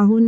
አሁን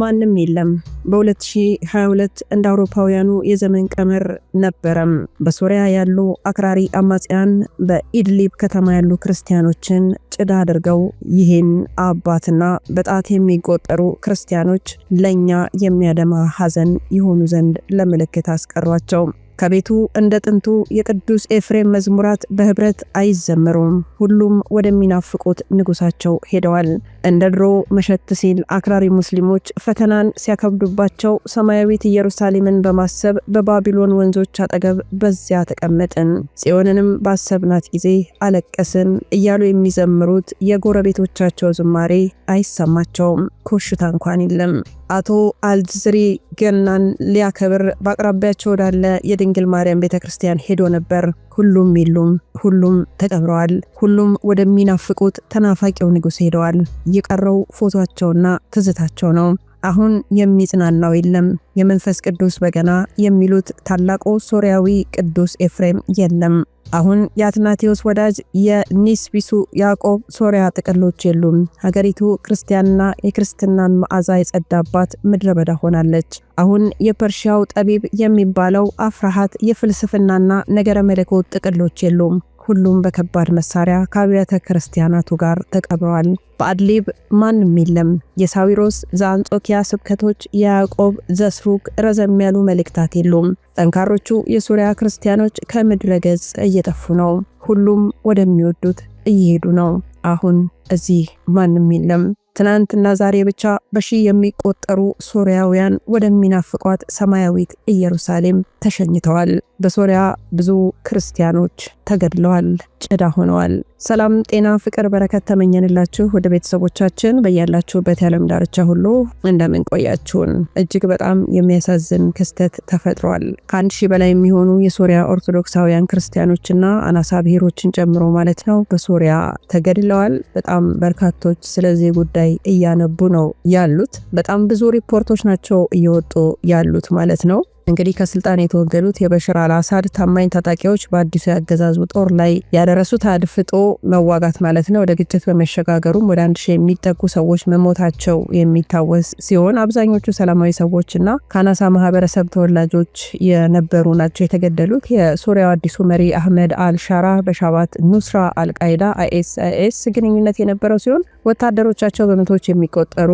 ማንም የለም። በ2022 እንደ አውሮፓውያኑ የዘመን ቀመር ነበረም በሶሪያ ያሉ አክራሪ አማጽያን በኢድሊብ ከተማ ያሉ ክርስቲያኖችን ጭዳ አድርገው ይህን አባትና በጣት የሚቆጠሩ ክርስቲያኖች ለእኛ የሚያደማ ሀዘን የሆኑ ዘንድ ለምልክት አስቀሯቸው። ከቤቱ እንደ ጥንቱ የቅዱስ ኤፍሬም መዝሙራት በህብረት አይዘመሩም። ሁሉም ወደሚናፍቁት ንጉሳቸው ሄደዋል። እንደ ድሮ መሸት ሲል አክራሪ ሙስሊሞች ፈተናን ሲያከብዱባቸው ሰማያዊት ኢየሩሳሌምን በማሰብ በባቢሎን ወንዞች አጠገብ በዚያ ተቀመጥን፣ ጽዮንንም ባሰብናት ጊዜ አለቀስን እያሉ የሚዘምሩት የጎረቤቶቻቸው ዝማሬ አይሰማቸውም። ኮሽታ እንኳን የለም። አቶ አልዝሪ ገናን ሊያከብር በአቅራቢያቸው ወዳለ የድንግል ማርያም ቤተ ክርስቲያን ሄዶ ነበር። ሁሉም የሉም፣ ሁሉም ተቀብረዋል። ሁሉም ወደሚናፍቁት ተናፋቂው ንጉሥ ሄደዋል። የቀረው ፎቶቸውና ትዝታቸው ነው። አሁን የሚጽናናው የለም። የመንፈስ ቅዱስ በገና የሚሉት ታላቁ ሶሪያዊ ቅዱስ ኤፍሬም የለም። አሁን የአትናቴዎስ ወዳጅ የኒስቢሱ ያዕቆብ ሶሪያ ጥቅሎች የሉም። ሀገሪቱ ክርስቲያንና የክርስትናን መዓዛ የጸዳባት ምድረ በዳ ሆናለች። አሁን የፐርሺያው ጠቢብ የሚባለው አፍራሃት የፍልስፍናና ነገረ መለኮት ጥቅሎች የሉም። ሁሉም በከባድ መሳሪያ ከአብያተ ክርስቲያናቱ ጋር ተቀብረዋል። በአድሊብ ማንም የለም። የሳዊሮስ ዘአንጾኪያ ስብከቶች የያዕቆብ ዘስሩግ ረዘም ያሉ መልእክታት የሉም። ጠንካሮቹ የሱሪያ ክርስቲያኖች ከምድረ ገጽ እየጠፉ ነው። ሁሉም ወደሚወዱት እየሄዱ ነው። አሁን እዚህ ማንም የለም። ትናንትና ዛሬ ብቻ በሺ የሚቆጠሩ ሶሪያውያን ወደሚናፍቋት ሰማያዊት ኢየሩሳሌም ተሸኝተዋል። በሶሪያ ብዙ ክርስቲያኖች ተገድለዋል፣ ጭዳ ሆነዋል። ሰላም፣ ጤና፣ ፍቅር፣ በረከት ተመኘንላችሁ ወደ ቤተሰቦቻችን በያላችሁበት የዓለም ዳርቻ ሁሉ እንደምን እጅግ በጣም የሚያሳዝን ክስተት ተፈጥሯል። ከአንድ ሺህ በላይ የሚሆኑ የሶሪያ ኦርቶዶክሳውያን ክርስቲያኖችና አናሳ ብሔሮችን ጨምሮ ማለት ነው በሶሪያ ተገድለዋል። በጣም በርካቶች ስለዚህ ጉዳይ ላይ እያነቡ ነው ያሉት። በጣም ብዙ ሪፖርቶች ናቸው እየወጡ ያሉት ማለት ነው። እንግዲህ ከስልጣን የተወገዱት የበሽር አልአሳድ ታማኝ ታጣቂዎች በአዲሱ የአገዛዙ ጦር ላይ ያደረሱት አድፍጦ መዋጋት ማለት ነው ወደ ግጭት በመሸጋገሩም ወደ አንድ ሺህ የሚጠጉ ሰዎች መሞታቸው የሚታወስ ሲሆን አብዛኞቹ ሰላማዊ ሰዎችና ከአናሳ ማህበረሰብ ተወላጆች የነበሩ ናቸው የተገደሉት። የሱሪያው አዲሱ መሪ አህመድ አልሻራ በሻባት ኑስራ አልቃይዳ አይኤስአይኤስ ግንኙነት የነበረው ሲሆን ወታደሮቻቸው በመቶዎች የሚቆጠሩ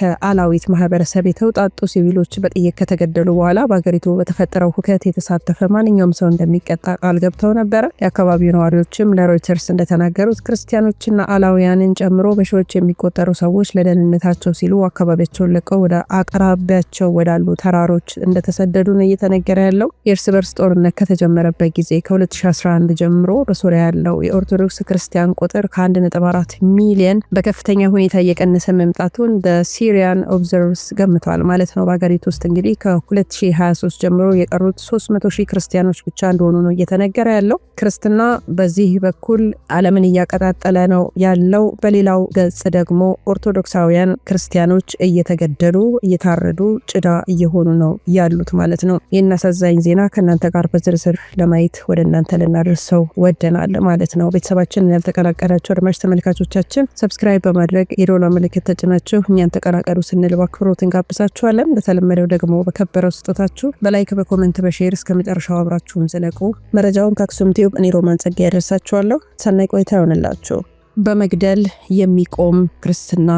ከአላዊት ማህበረሰብ የተውጣጡ ሲቪሎች በጥይት ከተገደሉ በኋላ በሀገር በሀገሪቱ በተፈጠረው ሁከት የተሳተፈ ማንኛውም ሰው እንደሚቀጣ ቃል ገብተው ነበረ። የአካባቢው ነዋሪዎችም ለሮይተርስ እንደተናገሩት ክርስቲያኖችና አላውያንን ጨምሮ በሺዎች የሚቆጠሩ ሰዎች ለደህንነታቸው ሲሉ አካባቢያቸውን ለቀው ወደ አቅራቢያቸው ወዳሉ ተራሮች እንደተሰደዱ ነው እየተነገረ ያለው። የእርስ በርስ ጦርነት ከተጀመረበት ጊዜ ከ2011 ጀምሮ በሶሪያ ያለው የኦርቶዶክስ ክርስቲያን ቁጥር ከ1.4 ሚሊየን በከፍተኛ ሁኔታ እየቀነሰ መምጣቱን በሲሪያን ኦብዘርቭስ ገምቷል ማለት ነው። በሀገሪቱ ውስጥ እንግዲህ ከ2023 ክርስቶስ ጀምሮ የቀሩት 300 ሺህ ክርስቲያኖች ብቻ እንደሆኑ ነው እየተነገረ ያለው። ክርስትና በዚህ በኩል ዓለምን እያቀጣጠለ ነው ያለው። በሌላው ገጽ ደግሞ ኦርቶዶክሳውያን ክርስቲያኖች እየተገደሉ እየታረዱ ጭዳ እየሆኑ ነው ያሉት ማለት ነው። ይህን አሳዛኝ ዜና ከእናንተ ጋር በዝርዝር ለማየት ወደ እናንተ ልናደርሰው ወደናል ማለት ነው። ቤተሰባችንን ያልተቀላቀላቸው አድማጭ ተመልካቾቻችን ሰብስክራይብ በማድረግ የዶላ ምልክት ተጭናችሁ እኛን ተቀላቀሉ ስንል በአክብሮት እንጋብዛችኋለን። እንደተለመደው ደግሞ በከበረው ስጦታችሁ በላይክ በኮመንት በሼር እስከ መጨረሻው አብራችሁን ዝለቁ። መረጃውን ከአክሱም ቲዩብ እኔ ሮማን ጸጋ ያደርሳችኋለሁ። ሰናይ ቆይታ ይሆንላችሁ። በመግደል የሚቆም ክርስትና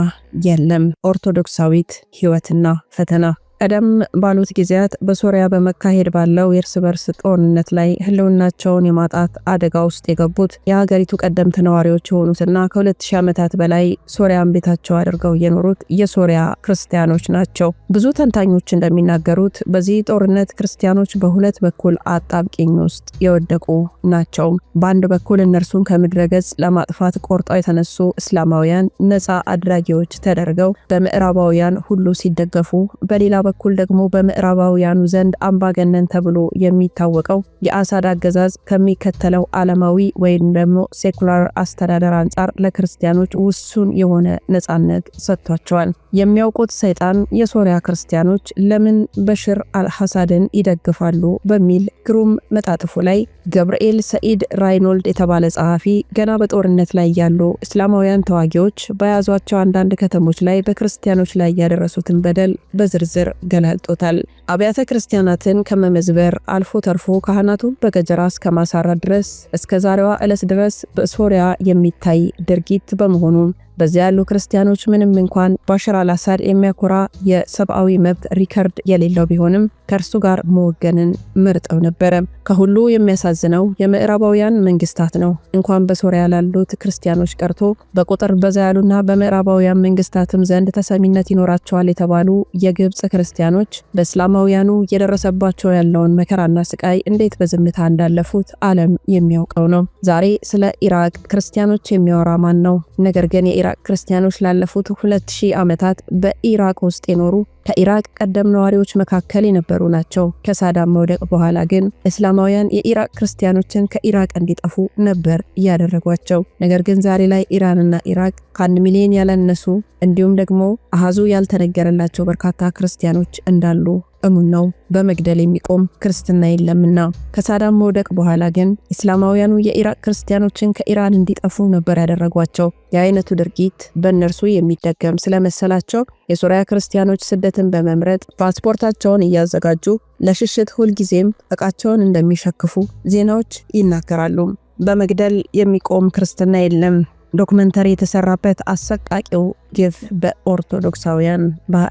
የለም። ኦርቶዶክሳዊት ህይወትና ፈተና ቀደም ባሉት ጊዜያት በሶሪያ በመካሄድ ባለው የእርስ በርስ ጦርነት ላይ ህልውናቸውን የማጣት አደጋ ውስጥ የገቡት የሀገሪቱ ቀደምት ነዋሪዎች የሆኑትና ከ2000 ዓመታት በላይ ሶሪያን ቤታቸው አድርገው የኖሩት የሶሪያ ክርስቲያኖች ናቸው። ብዙ ተንታኞች እንደሚናገሩት በዚህ ጦርነት ክርስቲያኖች በሁለት በኩል አጣብቂኝ ውስጥ የወደቁ ናቸው። በአንድ በኩል እነርሱን ከምድረ ገጽ ለማጥፋት ቆርጠው የተነሱ እስላማውያን ነፃ አድራጊዎች ተደርገው በምዕራባውያን ሁሉ ሲደገፉ፣ በሌላ በኩል ደግሞ በምዕራባውያኑ ዘንድ አምባገነን ተብሎ የሚታወቀው የአሳድ አገዛዝ ከሚከተለው ዓለማዊ ወይም ደግሞ ሴኩላር አስተዳደር አንጻር ለክርስቲያኖች ውሱን የሆነ ነጻነት ሰጥቷቸዋል። የሚያውቁት ሰይጣን የሶሪያ ክርስቲያኖች ለምን በሽር አልሐሳድን ይደግፋሉ በሚል ግሩም መጣጥፉ ላይ ገብርኤል ሰኢድ ራይኖልድ የተባለ ጸሐፊ ገና በጦርነት ላይ ያሉ እስላማውያን ተዋጊዎች በያዟቸው አንዳንድ ከተሞች ላይ በክርስቲያኖች ላይ ያደረሱትን በደል በዝርዝር ገላልጦታል። አብያተ ክርስቲያናትን ከመመዝበር አልፎ ተርፎ ካህናቱን በገጀራ እስከ ድረስ እስከ ዛሬዋ ዕለት ድረስ በሶሪያ የሚታይ ድርጊት በመሆኑ በዚያ ያሉ ክርስቲያኖች ምንም እንኳን ባሽር አልአሳድ የሚያኮራ የሰብአዊ መብት ሪከርድ የሌለው ቢሆንም ከእርሱ ጋር መወገንን መርጠው ነበረ። ከሁሉ የሚያሳዝነው የምዕራባውያን መንግስታት ነው። እንኳን በሶሪያ ላሉት ክርስቲያኖች ቀርቶ በቁጥር በዛ ያሉና በምዕራባውያን መንግስታትም ዘንድ ተሰሚነት ይኖራቸዋል የተባሉ የግብፅ ክርስቲያኖች በእስላማውያኑ የደረሰባቸው ያለውን መከራና ስቃይ እንዴት በዝምታ እንዳለፉት ዓለም የሚያውቀው ነው። ዛሬ ስለ ኢራቅ ክርስቲያኖች የሚያወራ ማን ነው? ነገር ግን የኢራቅ ክርስቲያኖች ላለፉት 2000 ዓመታት በኢራቅ ውስጥ የኖሩ ከኢራቅ ቀደም ነዋሪዎች መካከል የነበሩ ናቸው። ከሳዳም መውደቅ በኋላ ግን እስላማውያን የኢራቅ ክርስቲያኖችን ከኢራቅ እንዲጠፉ ነበር እያደረጓቸው። ነገር ግን ዛሬ ላይ ኢራንና ኢራቅ ከአንድ ሚሊዮን ያላነሱ እንዲሁም ደግሞ አሃዙ ያልተነገረላቸው በርካታ ክርስቲያኖች እንዳሉ እሙን ነው፣ በመግደል የሚቆም ክርስትና የለምና። ከሳዳም መውደቅ በኋላ ግን እስላማውያኑ የኢራቅ ክርስቲያኖችን ከኢራን እንዲጠፉ ነበር ያደረጓቸው። የአይነቱ ድርጊት በእነርሱ የሚደገም ስለመሰላቸው የሱሪያ ክርስቲያኖች ስደትን በመምረጥ ፓስፖርታቸውን እያዘጋጁ ለሽሽት ሁልጊዜም እቃቸውን እንደሚሸክፉ ዜናዎች ይናገራሉ። በመግደል የሚቆም ክርስትና የለም ዶክመንተሪ የተሰራበት አሰቃቂው ይህ በኦርቶዶክሳውያን በ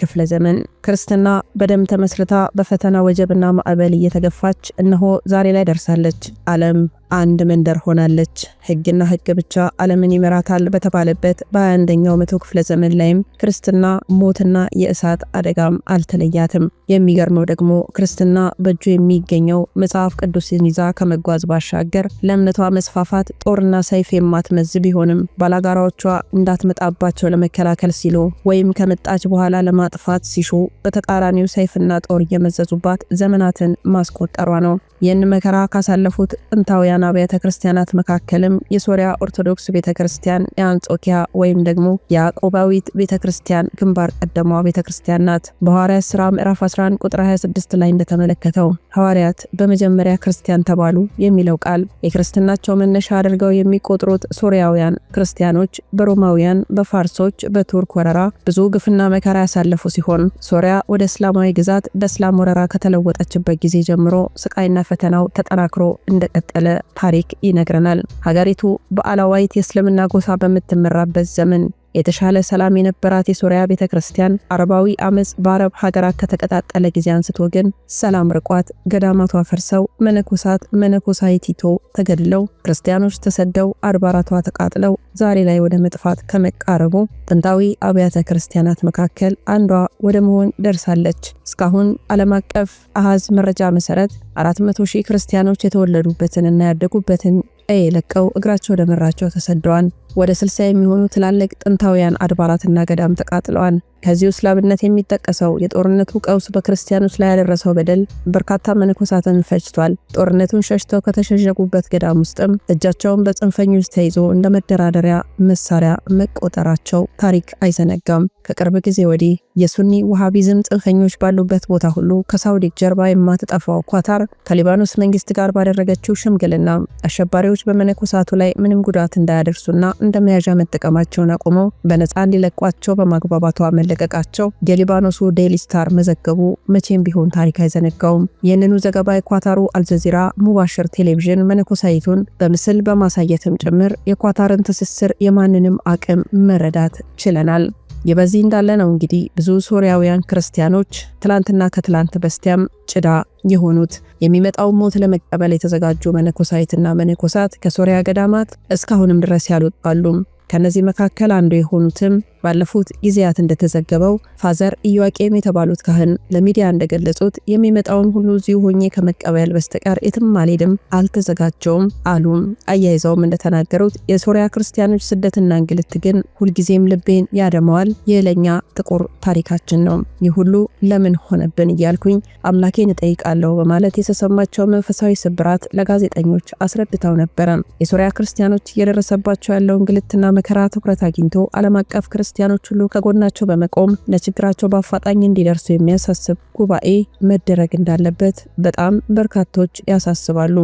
ክፍለ ዘመን ክርስትና በደም ተመስርታ በፈተና ወጀብና ማዕበል እየተገፋች እነሆ ዛሬ ላይ ደርሳለች። ዓለም አንድ መንደር ሆናለች። ሕግና ሕግ ብቻ ዓለምን ይመራታል በተባለበት በአንደኛው መቶ ክፍለ ዘመን ላይም ክርስትና ሞትና የእሳት አደጋም አልተለያትም። የሚገርመው ደግሞ ክርስትና በእጁ የሚገኘው መጽሐፍ ቅዱስን ይዛ ከመጓዝ ባሻገር ለእምነቷ መስፋፋት ጦርና ሰይፍ የማትመዝ ቢሆንም ባላጋራዎቿ እንዳትመጣ እንዳለባቸው ለመከላከል ሲሉ ወይም ከመጣች በኋላ ለማጥፋት ሲሹ በተቃራኒው ሰይፍና ጦር እየመዘዙባት ዘመናትን ማስቆጠሯ ነው። ይህን መከራ ካሳለፉት ጥንታውያን አብያተ ክርስቲያናት መካከልም የሶሪያ ኦርቶዶክስ ቤተ ክርስቲያን የአንጾኪያ ወይም ደግሞ የአቆባዊት ቤተ ክርስቲያን ግንባር ቀደሟ ቤተ ክርስቲያን ናት። በሐዋርያት ሥራ ምዕራፍ 11 ቁጥር 26 ላይ እንደተመለከተው ሐዋርያት በመጀመሪያ ክርስቲያን ተባሉ የሚለው ቃል የክርስትናቸው መነሻ አድርገው የሚቆጥሩት ሶሪያውያን ክርስቲያኖች በሮማውያን በፋርሶች በቱርክ ወረራ ብዙ ግፍና መከራ ያሳለፉ ሲሆን ሶሪያ ወደ እስላማዊ ግዛት በእስላም ወረራ ከተለወጠችበት ጊዜ ጀምሮ ስቃይና ፈተናው ተጠናክሮ እንደቀጠለ ታሪክ ይነግረናል። ሀገሪቱ በአላዋይት የእስልምና ጎሳ በምትመራበት ዘመን የተሻለ ሰላም የነበራት የሶሪያ ቤተ ክርስቲያን አረባዊ አመፅ በአረብ ሀገራት ከተቀጣጠለ ጊዜ አንስቶ ግን ሰላም ርቋት፣ ገዳማቷ ፈርሰው፣ መነኮሳት መነኮሳይቲቶ ተገድለው፣ ክርስቲያኖች ተሰደው፣ አድባራቷ ተቃጥለው፣ ዛሬ ላይ ወደ መጥፋት ከመቃረቡ ጥንታዊ አብያተ ክርስቲያናት መካከል አንዷ ወደ መሆን ደርሳለች። እስካሁን ዓለም አቀፍ አሃዝ መረጃ መሰረት 400 ሺህ ክርስቲያኖች የተወለዱበትን እና ያደጉበትን ኤ ለቀው እግራቸው ወደ መራቸው ተሰደዋል። ወደ 60 የሚሆኑ ትላልቅ ጥንታውያን አድባራትና ገዳም ተቃጥለዋል። ከዚህ ውስጥ ላብነት የሚጠቀሰው የጦርነቱ ቀውስ በክርስቲያኖች ላይ ያደረሰው በደል በርካታ መነኮሳትን ፈጅቷል። ጦርነቱን ሸሽተው ከተሸሸጉበት ገዳም ውስጥም እጃቸውን በጽንፈኞች ተይዞ እንደ መደራደሪያ መሳሪያ መቆጠራቸው ታሪክ አይዘነጋም። ከቅርብ ጊዜ ወዲህ የሱኒ ውሃቢዝም ጽንፈኞች ባሉበት ቦታ ሁሉ ከሳውዲ ጀርባ የማትጠፋው ኳታር ከሊባኖስ መንግስት ጋር ባደረገችው ሽምግልና አሸባሪዎች በመነኮሳቱ ላይ ምንም ጉዳት እንዳያደርሱና እንደ መያዣ መጠቀማቸውን አቁመው በነፃ እንዲለቋቸው በማግባባቷ መለቀቃቸው የሊባኖሱ ዴይሊ ስታር መዘገቡ መቼም ቢሆን ታሪክ አይዘነጋውም። ይህንኑ ዘገባ የኳታሩ አልጀዚራ ሙባሽር ቴሌቪዥን መነኮሳይቱን በምስል በማሳየትም ጭምር የኳታርን ትስስር የማንንም አቅም መረዳት ችለናል። የበዚህ እንዳለ ነው እንግዲህ ብዙ ሶሪያውያን ክርስቲያኖች ትላንትና ከትላንት በስቲያም ጭዳ የሆኑት የሚመጣው ሞት ለመቀበል የተዘጋጁ መነኮሳይትና መነኮሳት ከሶሪያ ገዳማት እስካሁንም ድረስ ያልወጣሉም። ከነዚህ መካከል አንዱ የሆኑትም ባለፉት ጊዜያት እንደተዘገበው ፋዘር ኢዮአቄም የተባሉት ካህን ለሚዲያ እንደገለጹት የሚመጣውን ሁሉ እዚሁ ሆኜ ከመቀበል በስተቀር የትም አልሄድም፣ አልተዘጋጀውም አሉም። አያይዘውም እንደተናገሩት የሶሪያ ክርስቲያኖች ስደትና እንግልት ግን ሁልጊዜም ልቤን ያደመዋል። የለኛ ጥቁር ታሪካችን ነው። ይህ ሁሉ ለምን ሆነብን እያልኩኝ አምላኬን እጠይቃለሁ በማለት የተሰማቸው መንፈሳዊ ስብራት ለጋዜጠኞች አስረድተው ነበረ። የሶሪያ ክርስቲያኖች እየደረሰባቸው ያለው እንግልትና መከራ ትኩረት አግኝቶ ዓለም አቀፍ ክርስ ክርስቲያኖች ሁሉ ከጎናቸው በመቆም ለችግራቸው በአፋጣኝ እንዲደርሱ የሚያሳስብ ጉባኤ መደረግ እንዳለበት በጣም በርካቶች ያሳስባሉ።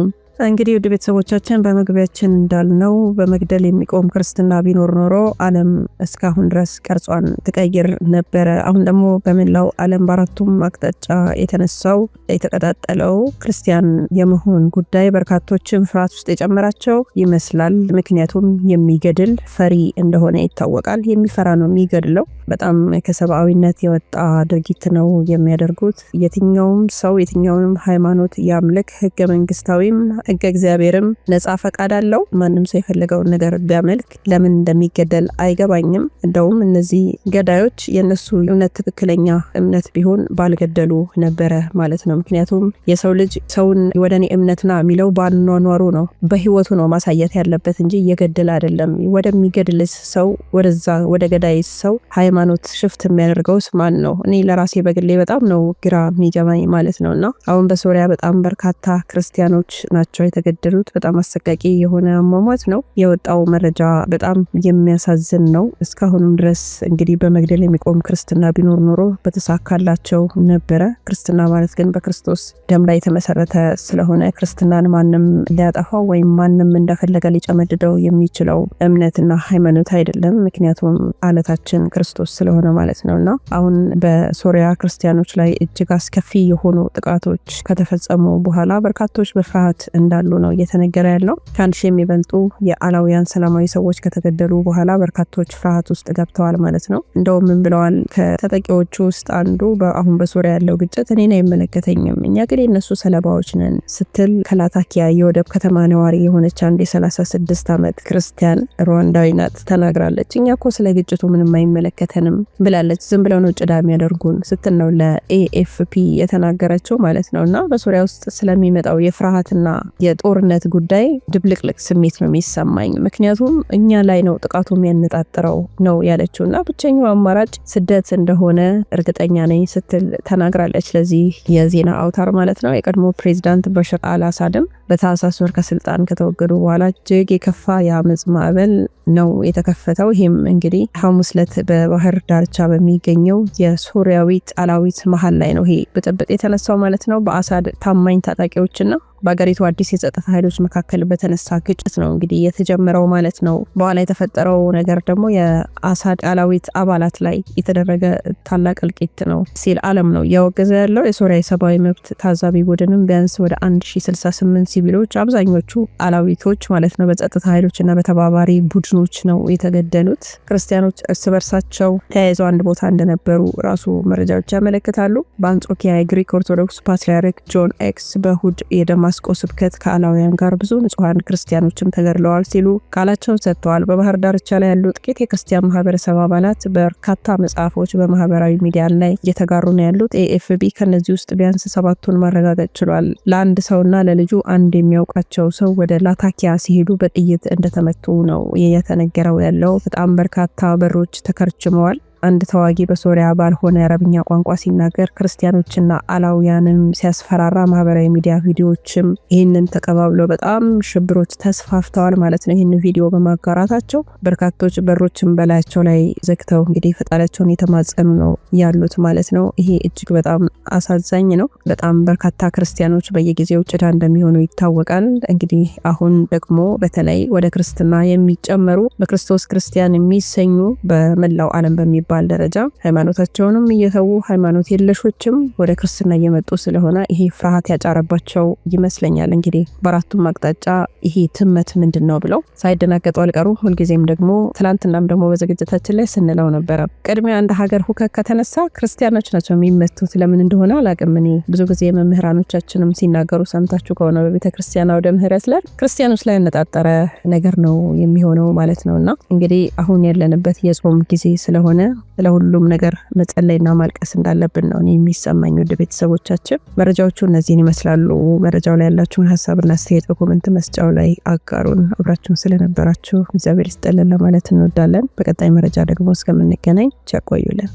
እንግዲህ ውድ ቤተሰቦቻችን በመግቢያችን እንዳልነው በመግደል የሚቆም ክርስትና ቢኖር ኖሮ ዓለም እስካሁን ድረስ ቅርጿን ትቀይር ነበረ። አሁን ደግሞ በመላው ዓለም በአራቱም አቅጣጫ የተነሳው የተቀጣጠለው ክርስቲያን የመሆን ጉዳይ በርካቶችን ፍርሃት ውስጥ የጨመራቸው ይመስላል። ምክንያቱም የሚገድል ፈሪ እንደሆነ ይታወቃል። የሚፈራ ነው የሚገድለው። በጣም ከሰብአዊነት የወጣ ድርጊት ነው የሚያደርጉት። የትኛውም ሰው የትኛውም ሃይማኖት ያምልክ ህገ መንግስታዊም ሕገ እግዚአብሔርም ነጻ ፈቃድ አለው። ማንም ሰው የፈለገውን ነገር ቢያመልክ ለምን እንደሚገደል አይገባኝም። እንደውም እነዚህ ገዳዮች የእነሱ እምነት ትክክለኛ እምነት ቢሆን ባልገደሉ ነበረ ማለት ነው። ምክንያቱም የሰው ልጅ ሰውን ወደ እኔ እምነት ና የሚለው ባኗኗሩ ነው፣ በህይወቱ ነው ማሳየት ያለበት እንጂ እየገደለ አይደለም። ወደሚገድልስ ሰው ወደዛ ወደ ገዳይ ሰው ሃይማኖት ሽፍት የሚያደርገውስ ማን ነው? እኔ ለራሴ በግሌ በጣም ነው ግራ የሚገባኝ ማለት ነው። እና አሁን በሶሪያ በጣም በርካታ ክርስቲያኖች ናቸው ናቸው የተገደሉት። በጣም አሰቃቂ የሆነ አሟሟት ነው። የወጣው መረጃ በጣም የሚያሳዝን ነው። እስካሁንም ድረስ እንግዲህ በመግደል የሚቆም ክርስትና ቢኖር ኖሮ በተሳካላቸው ነበረ። ክርስትና ማለት ግን በክርስቶስ ደም ላይ የተመሰረተ ስለሆነ ክርስትናን ማንም ሊያጠፋው ወይም ማንም እንደፈለገ ሊጨመድደው የሚችለው እምነትና ሃይማኖት አይደለም። ምክንያቱም አለታችን ክርስቶስ ስለሆነ ማለት ነው እና አሁን በሶሪያ ክርስቲያኖች ላይ እጅግ አስከፊ የሆኑ ጥቃቶች ከተፈጸሙ በኋላ በርካቶች በፍርሃት እንዳሉ ነው እየተነገረ ያለው። ከአንድ ሺ የሚበልጡ የአላውያን ሰላማዊ ሰዎች ከተገደሉ በኋላ በርካቶች ፍርሃት ውስጥ ገብተዋል ማለት ነው። እንደውም ምን ብለዋል? ከተጠቂዎቹ ውስጥ አንዱ አሁን በሶሪያ ያለው ግጭት እኔን አይመለከተኝም፣ እኛ ግን የነሱ ሰለባዎች ነን ስትል ከላታኪያ የወደብ ከተማ ነዋሪ የሆነች አንድ የ36 ዓመት ክርስቲያን ሩዋንዳዊ ናት ተናግራለች። እኛ እኮ ስለ ግጭቱ ምንም አይመለከተንም ብላለች። ዝም ብለው ነው ጭዳ የሚያደርጉን ስትል ነው ለኤኤፍፒ የተናገረችው ማለት ነው። እና በሶሪያ ውስጥ ስለሚመጣው የፍርሃትና የጦርነት ጉዳይ ድብልቅልቅ ስሜት ነው የሚሰማኝ፣ ምክንያቱም እኛ ላይ ነው ጥቃቱ የሚያነጣጥረው ነው ያለችው እና ብቸኛው አማራጭ ስደት እንደሆነ እርግጠኛ ነኝ ስትል ተናግራለች። ለዚህ የዜና አውታር ማለት ነው። የቀድሞ ፕሬዚዳንት በሽር አል አሳድም በታህሳስ ወር ከስልጣን ከተወገዱ በኋላ እጅግ የከፋ የአመፅ ማዕበል ነው የተከፈተው። ይህም እንግዲህ ሐሙስ ዕለት በባህር ዳርቻ በሚገኘው የሶሪያዊት ጣላዊት መሀል ላይ ነው ይሄ ብጥብጥ የተነሳው ማለት ነው። በአሳድ ታማኝ ታጣቂዎችና በሀገሪቱ አዲስ የጸጥታ ኃይሎች መካከል በተነሳ ግጭት ነው እንግዲህ የተጀመረው ማለት ነው። በኋላ የተፈጠረው ነገር ደግሞ የአሳድ አላዊት አባላት ላይ የተደረገ ታላቅ እልቂት ነው ሲል አለም ነው እያወገዘ ያለው። የሶሪያ የሰብአዊ መብት ታዛቢ ቡድንም ቢያንስ ወደ 1068 ሲቪሎች አብዛኞቹ አላዊቶች ማለት ነው በጸጥታ ኃይሎች እና በተባባሪ ቡድን ፋክሽኖች ነው የተገደሉት። ክርስቲያኖች እርስ በርሳቸው ተያይዘው አንድ ቦታ እንደነበሩ ራሱ መረጃዎች ያመለክታሉ። በአንጾኪያ የግሪክ ኦርቶዶክስ ፓትሪያርክ ጆን ኤክስ በእሁድ የደማስቆ ስብከት ከአላውያን ጋር ብዙ ንጹሐን ክርስቲያኖችም ተገድለዋል ሲሉ ቃላቸውን ሰጥተዋል። በባህር ዳርቻ ላይ ያሉ ጥቂት የክርስቲያን ማህበረሰብ አባላት በርካታ መጽሐፎች በማህበራዊ ሚዲያ ላይ እየተጋሩ ነው ያሉት። ኤኤፍቢ ከነዚህ ውስጥ ቢያንስ ሰባቱን ማረጋገጥ ችሏል። ለአንድ ሰውና ለልጁ አንድ የሚያውቃቸው ሰው ወደ ላታኪያ ሲሄዱ በጥይት እንደተመቱ ነው እየተነገረው ያለው በጣም በርካታ በሮች ተከርችመዋል። አንድ ተዋጊ በሶሪያ ባልሆነ የአረብኛ ቋንቋ ሲናገር ክርስቲያኖችና አላውያንም ሲያስፈራራ ማህበራዊ ሚዲያ ቪዲዮዎችም ይህንን ተቀባብለው በጣም ሽብሮች ተስፋፍተዋል ማለት ነው። ይህን ቪዲዮ በማጋራታቸው በርካቶች በሮችን በላያቸው ላይ ዘግተው እንግዲህ ፈጣሪያቸውን የተማጸኑ ነው ያሉት ማለት ነው። ይሄ እጅግ በጣም አሳዛኝ ነው። በጣም በርካታ ክርስቲያኖች በየጊዜው ጭዳ እንደሚሆኑ ይታወቃል። እንግዲህ አሁን ደግሞ በተለይ ወደ ክርስትና የሚጨመሩ በክርስቶስ ክርስቲያን የሚሰኙ በመላው ዓለም በሚባ በሚባል ደረጃ ሃይማኖታቸውንም እየተዉ ሃይማኖት የለሾችም ወደ ክርስትና እየመጡ ስለሆነ ይሄ ፍርሃት ያጫረባቸው ይመስለኛል። እንግዲህ በአራቱም አቅጣጫ ይሄ ትመት ምንድን ነው ብለው ሳይደናገጡ አልቀሩ። ሁልጊዜም ደግሞ ትላንትናም ደግሞ በዝግጅታችን ላይ ስንለው ነበረ። ቅድሚያ አንድ ሀገር ሁከት ከተነሳ ክርስቲያኖች ናቸው የሚመቱት። ለምን እንደሆነ አላቅም። እኔ ብዙ ጊዜ መምህራኖቻችንም ሲናገሩ ሰምታችሁ ከሆነ በቤተ ክርስቲያን አውደ ምህረት ላይ ክርስቲያኖች ላይ ያነጣጠረ ነገር ነው የሚሆነው ማለት ነው እና እንግዲህ አሁን ያለንበት የጾም ጊዜ ስለሆነ ለሁሉም ነገር መጸለይና ማልቀስ እንዳለብን ነው የሚሰማኝ። ወደ ቤተሰቦቻችን መረጃዎቹ እነዚህን ይመስላሉ። መረጃው ላይ ያላችሁን ሀሳብና አስተያየት በኮመንት መስጫው ላይ አጋሩን። አብራችሁን ስለነበራችሁ እግዚአብሔር ይስጠልን ለማለት እንወዳለን። በቀጣይ መረጃ ደግሞ እስከምንገናኝ ቸር ቆዩልን።